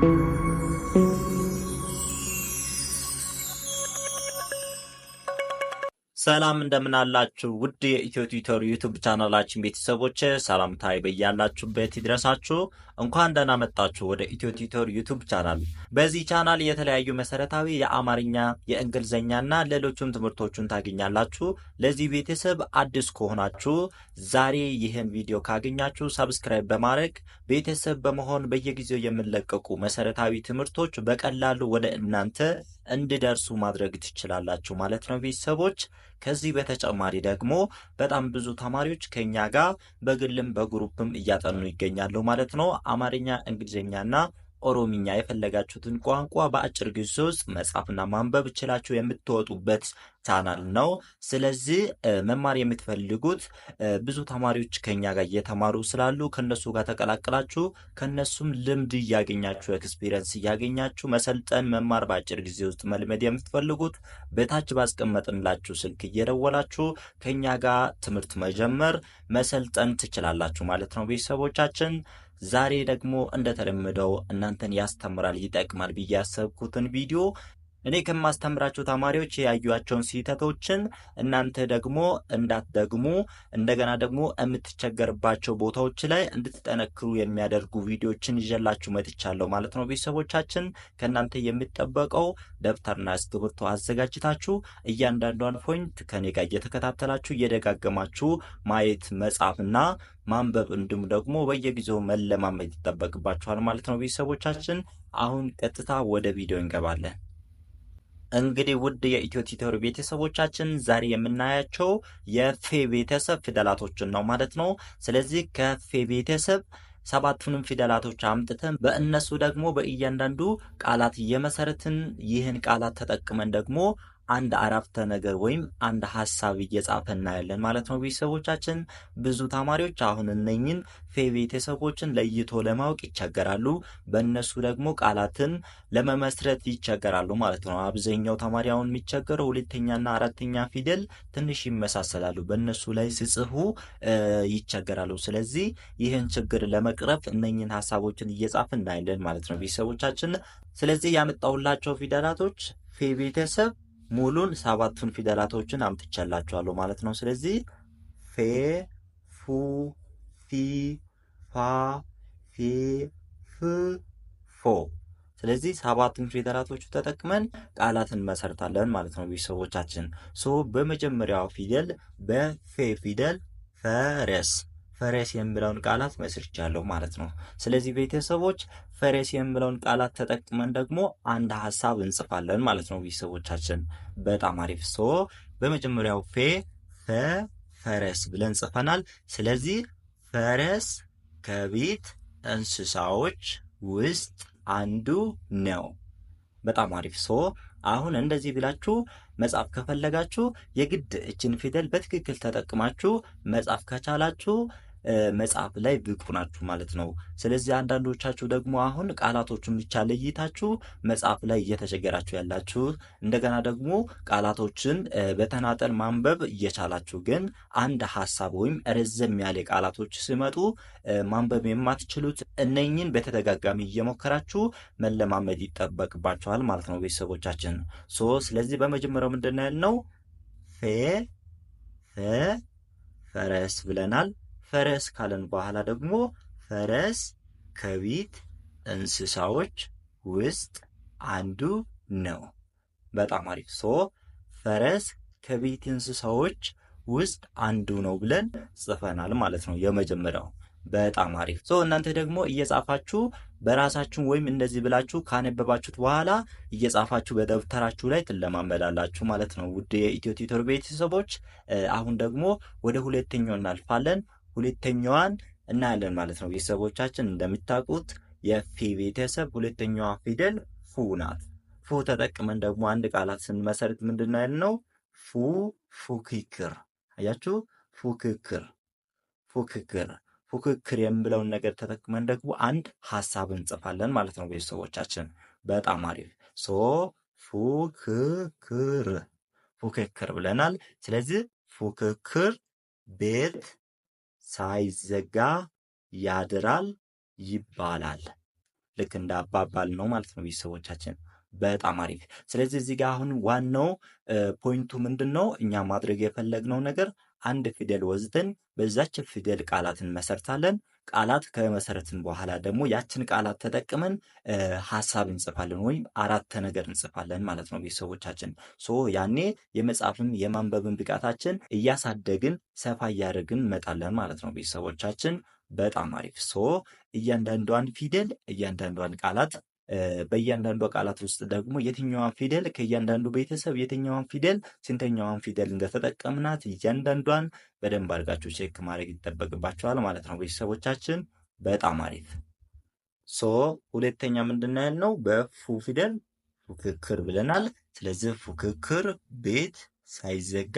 thank you ሰላም እንደምናላችሁ ውድ የኢትዮ ትዊተር ዩቱብ ቻናላችን ቤተሰቦች ሰላምታዬ በያላችሁበት ይድረሳችሁ። እንኳን ደህና መጣችሁ ወደ ኢትዮ ትዊተር ዩቱብ ቻናል። በዚህ ቻናል የተለያዩ መሰረታዊ የአማርኛ የእንግሊዝኛና ሌሎችም ትምህርቶችን ታገኛላችሁ። ለዚህ ቤተሰብ አዲስ ከሆናችሁ ዛሬ ይህን ቪዲዮ ካገኛችሁ ሰብስክራይብ በማድረግ ቤተሰብ በመሆን በየጊዜው የምንለቀቁ መሰረታዊ ትምህርቶች በቀላሉ ወደ እናንተ እንዲደርሱ ማድረግ ትችላላችሁ ማለት ነው ቤተሰቦች ከዚህ በተጨማሪ ደግሞ በጣም ብዙ ተማሪዎች ከኛ ጋር በግልም በግሩፕም እያጠኑ ይገኛሉ ማለት ነው። አማርኛ፣ እንግሊዝኛና ኦሮምኛ የፈለጋችሁትን ቋንቋ በአጭር ጊዜ ውስጥ መጻፍና ማንበብ ችላችሁ የምትወጡበት ቻናል ነው። ስለዚህ መማር የምትፈልጉት ብዙ ተማሪዎች ከኛ ጋር እየተማሩ ስላሉ ከነሱ ጋር ተቀላቅላችሁ ከነሱም ልምድ እያገኛችሁ ኤክስፒሪየንስ እያገኛችሁ መሰልጠን፣ መማር በአጭር ጊዜ ውስጥ መልመድ የምትፈልጉት በታች ባስቀመጥንላችሁ ስልክ እየደወላችሁ ከኛ ጋር ትምህርት መጀመር መሰልጠን ትችላላችሁ ማለት ነው ቤተሰቦቻችን ዛሬ ደግሞ እንደተለመደው እናንተን ያስተምራል፣ ይጠቅማል ብዬ ያሰብኩትን ቪዲዮ እኔ ከማስተምራቸው ተማሪዎች ያዩቸውን ስህተቶችን እናንተ ደግሞ እንዳትደግሙ እንደገና ደግሞ የምትቸገርባቸው ቦታዎች ላይ እንድትጠነክሩ የሚያደርጉ ቪዲዮችን ይዤላችሁ መጥቻለሁ ማለት ነው። ቤተሰቦቻችን ከእናንተ የሚጠበቀው ደብተርና እስክሪብቶ አዘጋጅታችሁ እያንዳንዷን ፖይንት ከኔ ጋር እየተከታተላችሁ እየደጋገማችሁ ማየት መጻፍና ማንበብ እንዲሁም ደግሞ በየጊዜው መለማመድ ይጠበቅባችኋል ማለት ነው። ቤተሰቦቻችን አሁን ቀጥታ ወደ ቪዲዮ እንገባለን። እንግዲህ ውድ የኢትዮ ቲቶሪ ቤተሰቦቻችን ዛሬ የምናያቸው የፌ ቤተሰብ ፊደላቶችን ነው ማለት ነው። ስለዚህ ከፌ ቤተሰብ ሰባቱንም ፊደላቶች አምጥተን በእነሱ ደግሞ በእያንዳንዱ ቃላት እየመሰረትን ይህን ቃላት ተጠቅመን ደግሞ አንድ አረፍተ ነገር ወይም አንድ ሀሳብ እየጻፈ እናያለን ማለት ነው። ቤተሰቦቻችን ብዙ ተማሪዎች አሁን እነኝን ፌ ቤተሰቦችን ለይቶ ለማወቅ ይቸገራሉ። በእነሱ ደግሞ ቃላትን ለመመስረት ይቸገራሉ ማለት ነው። አብዛኛው ተማሪ አሁን የሚቸገረው ሁለተኛና አራተኛ ፊደል ትንሽ ይመሳሰላሉ። በእነሱ ላይ ሲጽፉ ይቸገራሉ። ስለዚህ ይህን ችግር ለመቅረፍ እነኝን ሀሳቦችን እየጻፍ እናያለን ማለት ነው ቤተሰቦቻችን። ስለዚህ ያመጣሁላቸው ፊደላቶች ፌ ቤተሰብ ሙሉን ሰባቱን ፊደላቶችን አምጥቻላችኋለሁ ማለት ነው። ስለዚህ ፌ፣ ፉ፣ ፊ፣ ፋ፣ ፌ፣ ፍ፣ ፎ። ስለዚህ ሰባቱን ፊደላቶቹ ተጠቅመን ቃላትን መሰርታለን ማለት ነው ቤተሰቦቻችን። ሶ በመጀመሪያው ፊደል በፌ ፊደል ፈረስ ፈሬስ የምለውን ቃላት መስርቻለሁ ማለት ነው። ስለዚህ ቤተሰቦች ፈሬስ የምለውን ቃላት ተጠቅመን ደግሞ አንድ ሀሳብ እንጽፋለን ማለት ነው። ቤተሰቦቻችን በጣም አሪፍ ሶ በመጀመሪያው ፌ ፈ ፈረስ ብለን ጽፈናል። ስለዚህ ፈረስ ከቤት እንስሳዎች ውስጥ አንዱ ነው። በጣም አሪፍ ሶ አሁን እንደዚህ ብላችሁ መጻፍ ከፈለጋችሁ የግድ እችን ፊደል በትክክል ተጠቅማችሁ መጻፍ ከቻላችሁ መጽሐፍ ላይ ብቁ ናችሁ ማለት ነው። ስለዚህ አንዳንዶቻችሁ ደግሞ አሁን ቃላቶቹን ብቻ ለይታችሁ መጽሐፍ ላይ እየተቸገራችሁ ያላችሁ፣ እንደገና ደግሞ ቃላቶችን በተናጠል ማንበብ እየቻላችሁ ግን አንድ ሀሳብ ወይም ረዘም ያለ ቃላቶች ሲመጡ ማንበብ የማትችሉት እነኝን በተደጋጋሚ እየሞከራችሁ መለማመድ ይጠበቅባችኋል ማለት ነው ቤተሰቦቻችን። ሶ ስለዚህ በመጀመሪያው ምንድን ነው ያልነው? ፌ ፈረስ ብለናል። ፈረስ ካለን በኋላ ደግሞ ፈረስ ከቤት እንስሳዎች ውስጥ አንዱ ነው። በጣም አሪፍ። ሶ ፈረስ ከቤት እንስሳዎች ውስጥ አንዱ ነው ብለን ጽፈናል ማለት ነው የመጀመሪያው። በጣም አሪፍ። ሶ እናንተ ደግሞ እየጻፋችሁ በራሳችሁ ወይም እንደዚህ ብላችሁ ካነበባችሁት በኋላ እየጻፋችሁ በደብተራችሁ ላይ ትለማመዳላችሁ ማለት ነው። ውድ የኢትዮ ቲቶር ቤተሰቦች አሁን ደግሞ ወደ ሁለተኛው እናልፋለን። ሁለተኛዋን እናያለን ማለት ነው። ቤተሰቦቻችን እንደምታውቁት የፊ ቤተሰብ ሁለተኛዋ ፊደል ፉ ናት። ፉ ተጠቅመን ደግሞ አንድ ቃላት ስንመሰርት ምንድን ነው ያልነው? ፉ ፉክክር። አያችሁ፣ ፉክክር ፉክክር ፉክክር የምለውን ነገር ተጠቅመን ደግሞ አንድ ሀሳብ እንጽፋለን ማለት ነው። ቤተሰቦቻችን በጣም አሪፍ ሶ ፉክክር ፉክክር ብለናል። ስለዚህ ፉክክር ቤት ሳይዘጋ ያድራል ይባላል። ልክ እንደ አባባል ነው ማለት ነው ቤተሰቦቻችን። በጣም አሪፍ። ስለዚህ እዚህ ጋር አሁን ዋናው ፖይንቱ ምንድን ነው? እኛ ማድረግ የፈለግነው ነገር አንድ ፊደል ወዝተን በዛች ፊደል ቃላት እንመሰርታለን። ቃላት ከመሰረትን በኋላ ደግሞ ያችን ቃላት ተጠቅመን ሀሳብ እንጽፋለን ወይም አራተ ነገር እንጽፋለን ማለት ነው ቤተሰቦቻችን። ሶ ያኔ የመጻፍም የማንበብን ብቃታችን እያሳደግን ሰፋ እያደረግን እንመጣለን ማለት ነው ቤተሰቦቻችን። በጣም አሪፍ። ሶ እያንዳንዷን ፊደል እያንዳንዷን ቃላት በእያንዳንዱ ቃላት ውስጥ ደግሞ የትኛዋን ፊደል ከእያንዳንዱ ቤተሰብ የትኛዋን ፊደል ስንተኛዋን ፊደል እንደተጠቀምናት እያንዳንዷን በደንብ አድርጋችሁ ቼክ ማድረግ ይጠበቅባቸዋል ማለት ነው ቤተሰቦቻችን። በጣም አሪፍ ሶ ሁለተኛ ምንድን ነው ያልነው? በፉ ፊደል ፉክክር ብለናል። ስለዚህ ፉክክር ቤት ሳይዘጋ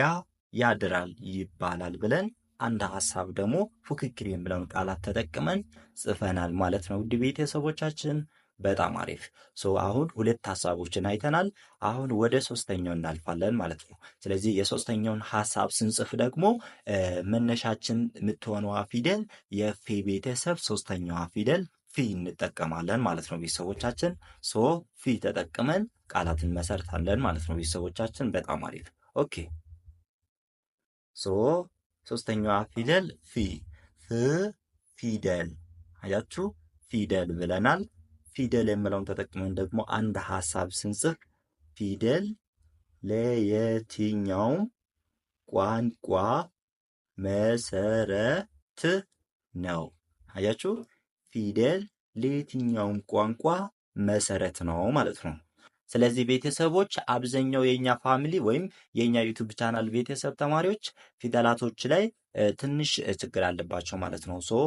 ያድራል ይባላል ብለን አንድ ሀሳብ ደግሞ ፉክክር የሚለውን ቃላት ተጠቅመን ጽፈናል ማለት ነው ውድ ቤተሰቦቻችን። በጣም አሪፍ ሶ አሁን ሁለት ሀሳቦችን አይተናል። አሁን ወደ ሶስተኛው እናልፋለን ማለት ነው። ስለዚህ የሶስተኛውን ሀሳብ ስንጽፍ ደግሞ መነሻችን የምትሆነዋ ፊደል የፌ ቤተሰብ ሶስተኛዋ ፊደል ፊ እንጠቀማለን ማለት ነው ቤተሰቦቻችን። ሶ ፊ ተጠቅመን ቃላትን መሰርታለን ማለት ነው ቤተሰቦቻችን። በጣም አሪፍ ኦኬ። ሶ ሶስተኛዋ ፊደል ፊ ፍ ፊደል አያችሁ ፊደል ብለናል። ፊደል የምለውን ተጠቅመን ደግሞ አንድ ሀሳብ ስንጽፍ ፊደል ለየትኛውም ቋንቋ መሰረት ነው። አያችሁ፣ ፊደል ለየትኛውም ቋንቋ መሰረት ነው ማለት ነው። ስለዚህ ቤተሰቦች አብዛኛው የኛ ፋሚሊ ወይም የኛ ዩቱብ ቻናል ቤተሰብ ተማሪዎች ፊደላቶች ላይ ትንሽ ችግር አለባቸው ማለት ነው። ሶ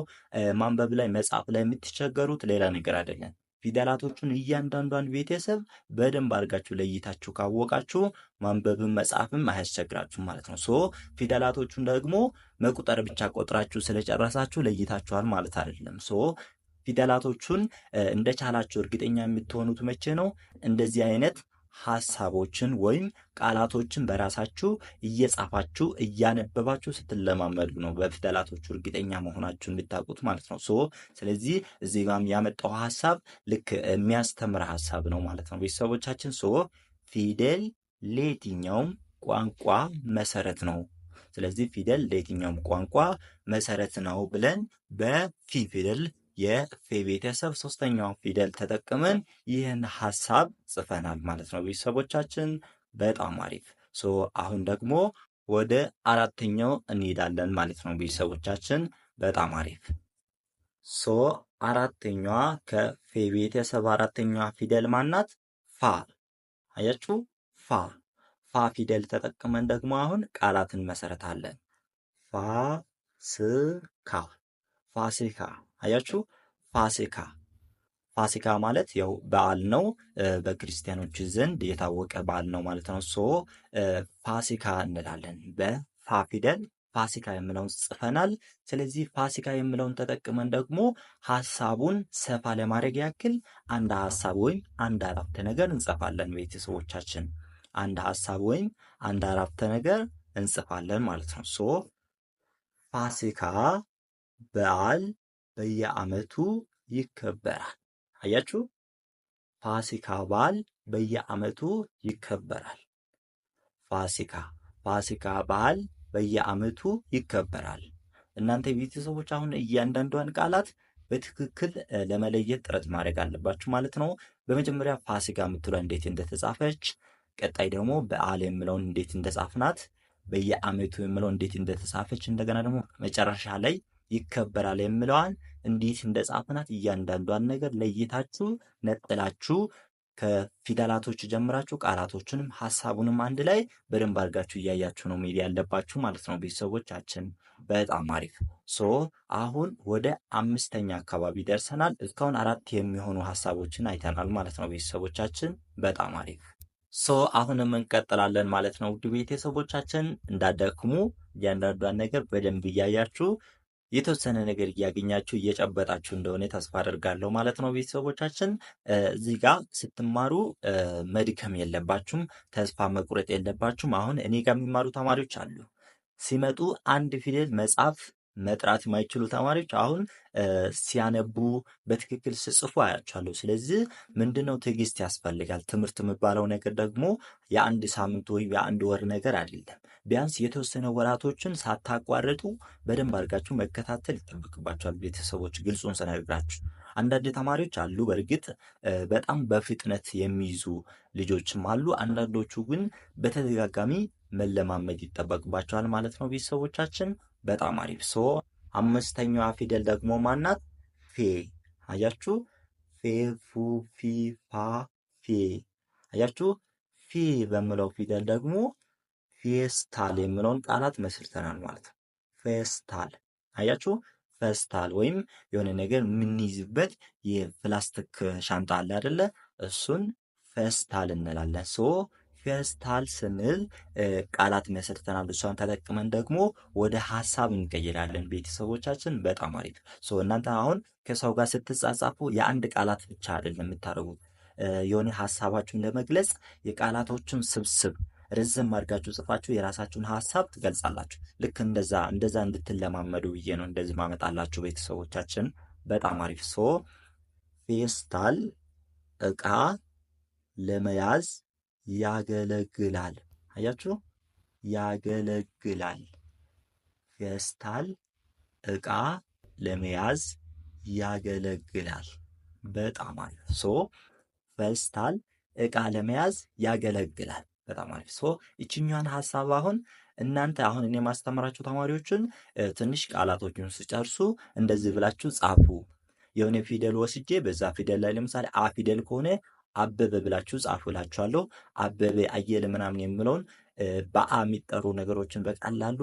ማንበብ ላይ መጻፍ ላይ የምትቸገሩት ሌላ ነገር አይደለም። ፊደላቶቹን እያንዳንዷን ቤተሰብ በደንብ አድርጋችሁ ለይታችሁ ካወቃችሁ ማንበብም መጻፍም አያስቸግራችሁም ማለት ነው። ሶ ፊደላቶቹን ደግሞ መቁጠር ብቻ ቆጥራችሁ ስለጨረሳችሁ ለይታችኋል ማለት አይደለም። ሶ ፊደላቶቹን እንደቻላችሁ እርግጠኛ የምትሆኑት መቼ ነው? እንደዚህ አይነት ሐሳቦችን ወይም ቃላቶችን በራሳችሁ እየጻፋችሁ እያነበባችሁ ስትለማመዱ ነው በፊደላቶቹ እርግጠኛ መሆናችሁን እንድታውቁት ማለት ነው። ሶ ስለዚህ እዚህ ጋም ያመጣው ሐሳብ ልክ የሚያስተምር ሐሳብ ነው ማለት ነው ቤተሰቦቻችን። ሶ ፊደል ለየትኛውም ቋንቋ መሰረት ነው። ስለዚህ ፊደል ለየትኛውም ቋንቋ መሰረት ነው ብለን በፊ ፊደል የፌ ቤተሰብ ሶስተኛውን ፊደል ተጠቅመን ይህን ሀሳብ ጽፈናል ማለት ነው። ቤተሰቦቻችን በጣም አሪፍ። ሶ አሁን ደግሞ ወደ አራተኛው እንሄዳለን ማለት ነው። ቤተሰቦቻችን በጣም አሪፍ። ሶ አራተኛዋ ከፌ ቤተሰብ አራተኛዋ ፊደል ማናት? ፋ። አያችሁ? ፋ ፋ ፊደል ተጠቅመን ደግሞ አሁን ቃላት እንመሰረታለን። ፋሲካ ፋሲካ አያችሁ ፋሲካ ፋሲካ ማለት ያው በዓል ነው። በክርስቲያኖች ዘንድ የታወቀ በዓል ነው ማለት ነው። ሶ ፋሲካ እንላለን። በፋፊደል ፋሲካ የምለውን ጽፈናል። ስለዚህ ፋሲካ የምለውን ተጠቅመን ደግሞ ሀሳቡን ሰፋ ለማድረግ ያክል አንድ ሀሳብ ወይም አንድ አረፍተ ነገር እንጽፋለን። ቤተሰቦቻችን አንድ ሀሳብ ወይም አንድ አረፍተ ነገር እንጽፋለን ማለት ነው። ሶ ፋሲካ በዓል በየዓመቱ ይከበራል። አያችሁ፣ ፋሲካ በዓል በየዓመቱ ይከበራል። ፋሲካ ፋሲካ በዓል በየዓመቱ ይከበራል። እናንተ ቤተሰቦች አሁን እያንዳንዷን ቃላት በትክክል ለመለየት ጥረት ማድረግ አለባችሁ ማለት ነው። በመጀመሪያ ፋሲካ የምትለው እንዴት እንደተጻፈች፣ ቀጣይ ደግሞ በዓል የምለውን እንዴት እንደጻፍናት፣ በየዓመቱ የምለው እንዴት እንደተጻፈች፣ እንደገና ደግሞ መጨረሻ ላይ ይከበራል የምለዋን እንዲህ እንደጻፍናት እያንዳንዷን ነገር ለይታችሁ ነጥላችሁ ከፊደላቶች ጀምራችሁ ቃላቶችንም ሀሳቡንም አንድ ላይ በደንብ አድርጋችሁ እያያችሁ ነው ሚል ያለባችሁ ማለት ነው ቤተሰቦቻችን። በጣም አሪፍ ሶ አሁን ወደ አምስተኛ አካባቢ ደርሰናል። እስካሁን አራት የሚሆኑ ሀሳቦችን አይተናል ማለት ነው ቤተሰቦቻችን። በጣም አሪፍ ሶ አሁንም እንቀጥላለን ማለት ነው ውድ ቤተሰቦቻችን። እንዳደክሙ እያንዳንዷን ነገር በደንብ እያያችሁ የተወሰነ ነገር እያገኛችሁ እየጨበጣችሁ እንደሆነ ተስፋ አደርጋለሁ ማለት ነው። ቤተሰቦቻችን እዚህ ጋር ስትማሩ መድከም የለባችሁም፣ ተስፋ መቁረጥ የለባችሁም። አሁን እኔ ጋር የሚማሩ ተማሪዎች አሉ ሲመጡ አንድ ፊደል መጻፍ መጥራት የማይችሉ ተማሪዎች አሁን ሲያነቡ በትክክል ሲጽፉ አያቸዋለሁ። ስለዚህ ምንድነው ትዕግስት ያስፈልጋል። ትምህርት የሚባለው ነገር ደግሞ የአንድ ሳምንት ወይም የአንድ ወር ነገር አይደለም። ቢያንስ የተወሰነ ወራቶችን ሳታቋርጡ በደንብ አድርጋችሁ መከታተል ይጠበቅባቸዋል። ቤተሰቦች ግልጹን ስነግራችሁ አንዳንድ ተማሪዎች አሉ፣ በእርግጥ በጣም በፍጥነት የሚይዙ ልጆችም አሉ። አንዳንዶቹ ግን በተደጋጋሚ መለማመድ ይጠበቅባቸዋል ማለት ነው ቤተሰቦቻችን በጣም አሪፍ ሶ አምስተኛዋ ፊደል ደግሞ ማናት? ፌ አያችሁ። ፌ ፉ ፊ ፋ ፌ አያችሁ። ፊ በምለው ፊደል ደግሞ ፌስታል የምለውን ቃላት መስርተናል ማለት ነው። ፌስታል አያችሁ። ፌስታል ወይም የሆነ ነገር የምንይዝበት የፕላስቲክ ሻንጣ አለ አይደለ? እሱን ፌስታል እንላለን ሶ ፌስታል ስንል ቃላት መሰርተናል። እሷን ተጠቅመን ደግሞ ወደ ሀሳብ እንቀይራለን። ቤተሰቦቻችን በጣም አሪፍ። እናንተ አሁን ከሰው ጋር ስትጻጻፉ የአንድ ቃላት ብቻ አይደለም የምታደርጉት። የሆነ ሀሳባችሁን ለመግለጽ የቃላቶችን ስብስብ ረዘም አድርጋችሁ ጽፋችሁ የራሳችሁን ሀሳብ ትገልጻላችሁ። ልክ እንደዛ እንደዛ እንድትለማመዱ ብዬ ነው እንደዚህ ማመጣላችሁ። ቤተሰቦቻችን በጣም አሪፍ። ሶ ፌስታል እቃ ለመያዝ ያገለግላል። አያችሁ፣ ያገለግላል። ፌስታል እቃ ለመያዝ ያገለግላል። በጣም አሪፍ። ሶ ፌስታል እቃ ለመያዝ ያገለግላል። በጣም አሪፍ። ሶ እችኛዋን ሀሳብ አሁን እናንተ አሁን እኔ የማስተምራችሁ ተማሪዎችን ትንሽ ቃላቶችን ስጨርሱ እንደዚህ ብላችሁ ጻፉ። የሆነ ፊደል ወስጄ በዛ ፊደል ላይ ለምሳሌ አ ፊደል ከሆነ አበበ ብላችሁ ጻፉላችኋለሁ። አበበ አየለ ምናምን የሚለውን በአ የሚጠሩ ነገሮችን በቀላሉ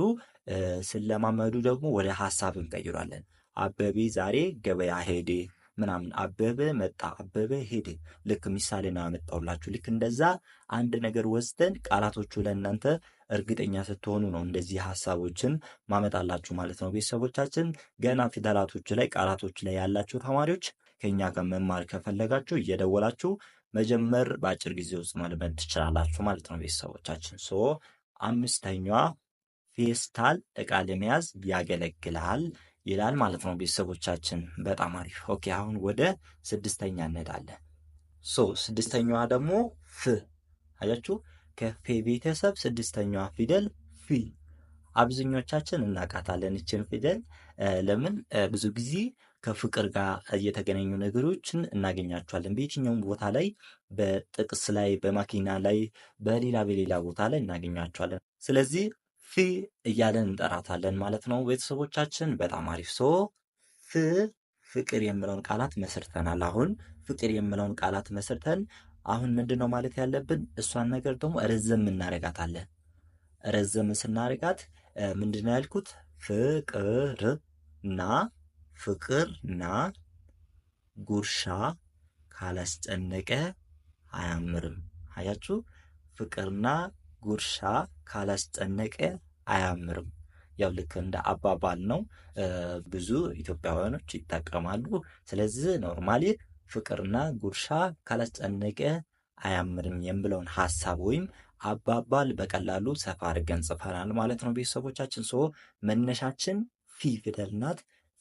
ስለማመዱ ደግሞ ወደ ሀሳብ እንቀይሯለን። አበቤ ዛሬ ገበያ ሄደ ምናምን አበበ መጣ፣ አበበ ሄደ። ልክ ምሳሌ ነው መጣውላችሁ ልክ እንደዛ አንድ ነገር ወስደን ቃላቶቹ ለእናንተ እርግጠኛ ስትሆኑ ነው እንደዚህ ሀሳቦችን ማመጣላችሁ ማለት ነው። ቤተሰቦቻችን ገና ፊደላቶች ላይ ቃላቶች ላይ ያላችሁ ተማሪዎች ከኛ ጋር መማር ከፈለጋችሁ እየደወላችሁ መጀመር በአጭር ጊዜ ውስጥ መልመድ ትችላላችሁ ማለት ነው ቤተሰቦቻችን። ሶ አምስተኛዋ ፌስታል እቃ ለመያዝ ያገለግላል ይላል ማለት ነው ቤተሰቦቻችን። በጣም አሪፍ ኦኬ። አሁን ወደ ስድስተኛ እንሄዳለን። ሶ ስድስተኛዋ ደግሞ ፍ አያችሁ፣ ከፌ ቤተሰብ ስድስተኛዋ ፊደል ፊ። አብዛኞቻችን እናቃታለን ይችን ፊደል ለምን ብዙ ጊዜ ከፍቅር ጋር የተገናኙ ነገሮችን እናገኛቸዋለን። በየትኛውም ቦታ ላይ በጥቅስ ላይ፣ በማኪና ላይ፣ በሌላ በሌላ ቦታ ላይ እናገኛቸዋለን። ስለዚህ ፍ እያለን እንጠራታለን ማለት ነው። ቤተሰቦቻችን በጣም አሪፍ ሶ ፍ ፍቅር የምለውን ቃላት መስርተናል። አሁን ፍቅር የምለውን ቃላት መስርተን አሁን ምንድን ነው ማለት ያለብን? እሷን ነገር ደግሞ ረዘም እናደርጋታለን። ረዘም ስናደርጋት ምንድን ነው ያልኩት? ፍቅር እና ፍቅርና ጉርሻ ካላስጨነቀ አያምርም። አያችሁ፣ ፍቅርና ጉርሻ ካላስጨነቀ አያምርም። ያው ልክ እንደ አባባል ነው፣ ብዙ ኢትዮጵያውያኖች ይጠቀማሉ። ስለዚህ ኖርማሊ ፍቅርና ጉርሻ ካላስጨነቀ አያምርም የምለውን ሀሳብ ወይም አባባል በቀላሉ ሰፋ አድርገን ጽፈናል ማለት ነው። ቤተሰቦቻችን ሶ መነሻችን ፊ ፊደል ናት።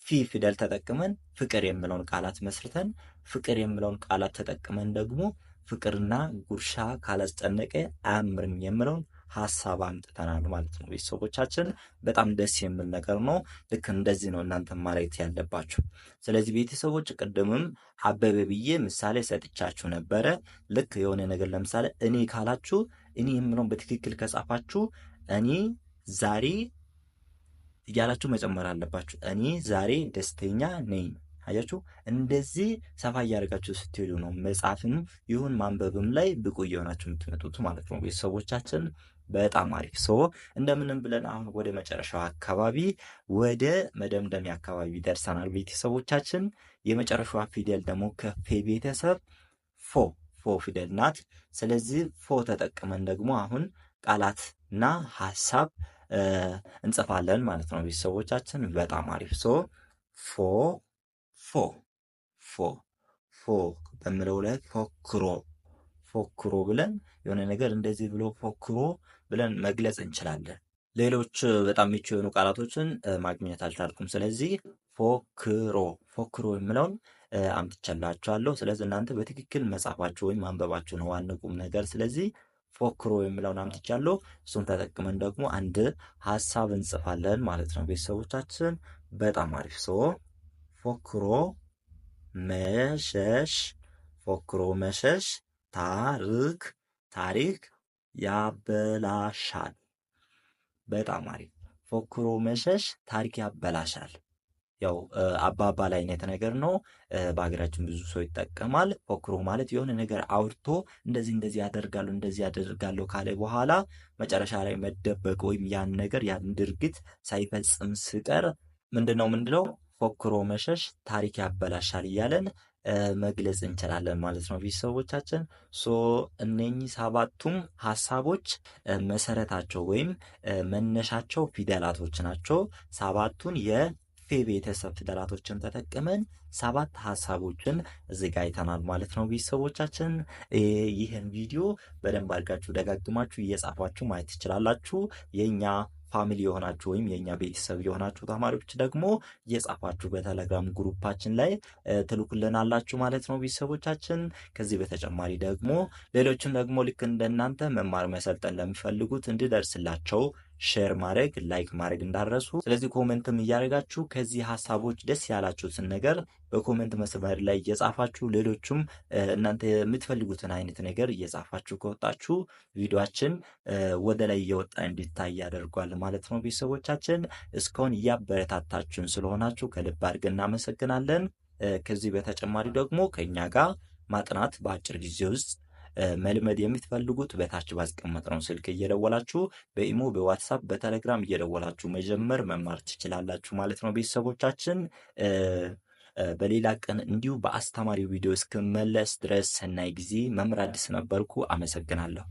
ፊ ፊደል ተጠቅመን ፍቅር የምለውን ቃላት መስርተን ፍቅር የምለውን ቃላት ተጠቅመን ደግሞ ፍቅርና ጉርሻ ካላስጨነቀ አያምርም የምለውን ሀሳብ አምጥተናል ማለት ነው። ቤተሰቦቻችን በጣም ደስ የሚል ነገር ነው። ልክ እንደዚህ ነው እናንተ ማለት ያለባችሁ። ስለዚህ ቤተሰቦች ቅድምም አበበ ብዬ ምሳሌ ሰጥቻችሁ ነበረ። ልክ የሆነ ነገር ለምሳሌ እኔ ካላችሁ እኔ የምለውን በትክክል ከጻፋችሁ እኔ ዛሬ እያላችሁ መጨመር አለባችሁ። እኔ ዛሬ ደስተኛ ነኝ። አያችሁ፣ እንደዚህ ሰፋ እያደርጋችሁ ስትሄዱ ነው መጻፍም ይሁን ማንበብም ላይ ብቁ እየሆናችሁ የምትመጡት ማለት ነው። ቤተሰቦቻችን በጣም አሪፍ ሶ እንደምንም ብለን አሁን ወደ መጨረሻው አካባቢ ወደ መደምደሚያ አካባቢ ደርሰናል። ቤተሰቦቻችን የመጨረሻዋ ፊደል ደግሞ ከፌ ቤተሰብ ፎ ፎ ፊደል ናት። ስለዚህ ፎ ተጠቅመን ደግሞ አሁን ቃላትና ሀሳብ እንጽፋለን ማለት ነው። ቤተሰቦቻችን በጣም አሪፍ ሶ ፎ ፎ ፎ ፎ በምለው ላይ ፎክሮ ፎክሮ ብለን የሆነ ነገር እንደዚህ ብሎ ፎክሮ ብለን መግለጽ እንችላለን። ሌሎች በጣም ምቹ የሆኑ ቃላቶችን ማግኘት አልቻልኩም። ስለዚህ ፎክሮ ፎክሮ የምለውን አምጥቼላችኋለሁ። ስለዚህ እናንተ በትክክል መጻፋችሁ ወይም ማንበባችሁ ነው ዋናው ቁም ነገር። ስለዚህ ፎክሮ የምለውን አምጥቻለሁ። እሱን ተጠቅመን ደግሞ አንድ ሀሳብ እንጽፋለን ማለት ነው። ቤተሰቦቻችን በጣም አሪፍ ሶ ፎክሮ መሸሽ፣ ፎክሮ መሸሽ ታሪክ ታሪክ ያበላሻል። በጣም አሪፍ ፎክሮ መሸሽ ታሪክ ያበላሻል። ያው አባባል አይነት ነገር ነው። በሀገራችን ብዙ ሰው ይጠቀማል። ፎክሮ ማለት የሆነ ነገር አውርቶ እንደዚህ እንደዚህ ያደርጋሉ እንደዚህ ያደርጋለሁ ካለ በኋላ መጨረሻ ላይ መደበቅ ወይም ያን ነገር ያን ድርጊት ሳይፈጽም ስቀር ምንድነው ምንድነው ፎክሮ መሸሽ ታሪክ ያበላሻል እያለን መግለጽ እንችላለን ማለት ነው። ቤተሰቦቻችን ሶ እነኚህ ሰባቱም ሀሳቦች መሰረታቸው ወይም መነሻቸው ፊደላቶች ናቸው። ሰባቱን የ የቤተሰብ ፊደላቶችን ተጠቅመን ሰባት ሀሳቦችን አዘጋጅተናል ማለት ነው። ቤተሰቦቻችን ይህን ቪዲዮ በደንብ አድርጋችሁ ደጋግማችሁ እየጻፋችሁ ማየት ትችላላችሁ። የእኛ ፋሚሊ የሆናችሁ ወይም የእኛ ቤተሰብ የሆናችሁ ተማሪዎች ደግሞ እየጻፋችሁ በቴሌግራም ግሩፓችን ላይ ትልኩልናላችሁ ማለት ነው ቤተሰቦቻችን። ከዚህ በተጨማሪ ደግሞ ሌሎችም ደግሞ ልክ እንደናንተ መማር መሰልጠን ለሚፈልጉት እንዲደርስላቸው ሼር ማድረግ ላይክ ማድረግ እንዳረሱ። ስለዚህ ኮመንትም እያደረጋችሁ ከዚህ ሀሳቦች ደስ ያላችሁትን ነገር በኮመንት መስመር ላይ እየጻፋችሁ ሌሎቹም እናንተ የምትፈልጉትን አይነት ነገር እየጻፋችሁ ከወጣችሁ ቪዲዮችን ወደ ላይ እየወጣ እንዲታይ ያደርጓል ማለት ነው። ቤተሰቦቻችን እስካሁን እያበረታታችሁን ስለሆናችሁ ከልብ አድርገን እናመሰግናለን። ከዚህ በተጨማሪ ደግሞ ከእኛ ጋር ማጥናት በአጭር ጊዜ ውስጥ መልመድ የምትፈልጉት በታች ባስቀመጥነው ስልክ እየደወላችሁ በኢሞ በዋትሳፕ በቴሌግራም እየደወላችሁ መጀመር መማር ትችላላችሁ ማለት ነው ቤተሰቦቻችን። በሌላ ቀን እንዲሁ በአስተማሪ ቪዲዮ እስክመለስ ድረስ ሰናይ ጊዜ። መምህር አዲስ ነበርኩ። አመሰግናለሁ።